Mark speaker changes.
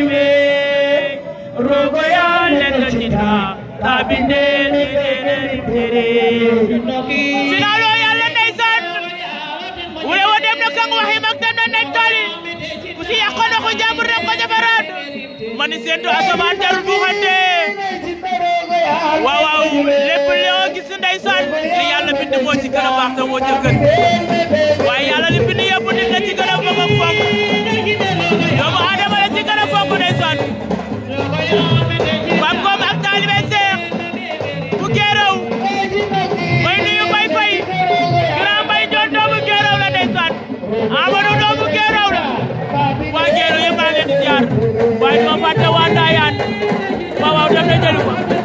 Speaker 1: juɓe rogo ya legatita taɓi ndeni ɗeneni tere finaɗo
Speaker 2: yalla ndeysan
Speaker 1: wure wo demno kan waximak
Speaker 2: demno nen toli kusi yaqono ko jamur dem ko jafaran
Speaker 1: mani sentu asaman jarul buxante waaw waaw lépp leo gis ndeysan li yàlla bind moo ci gën a baax te moo ci gën waaye duma fàtte waa Ndayane waaw waaw dem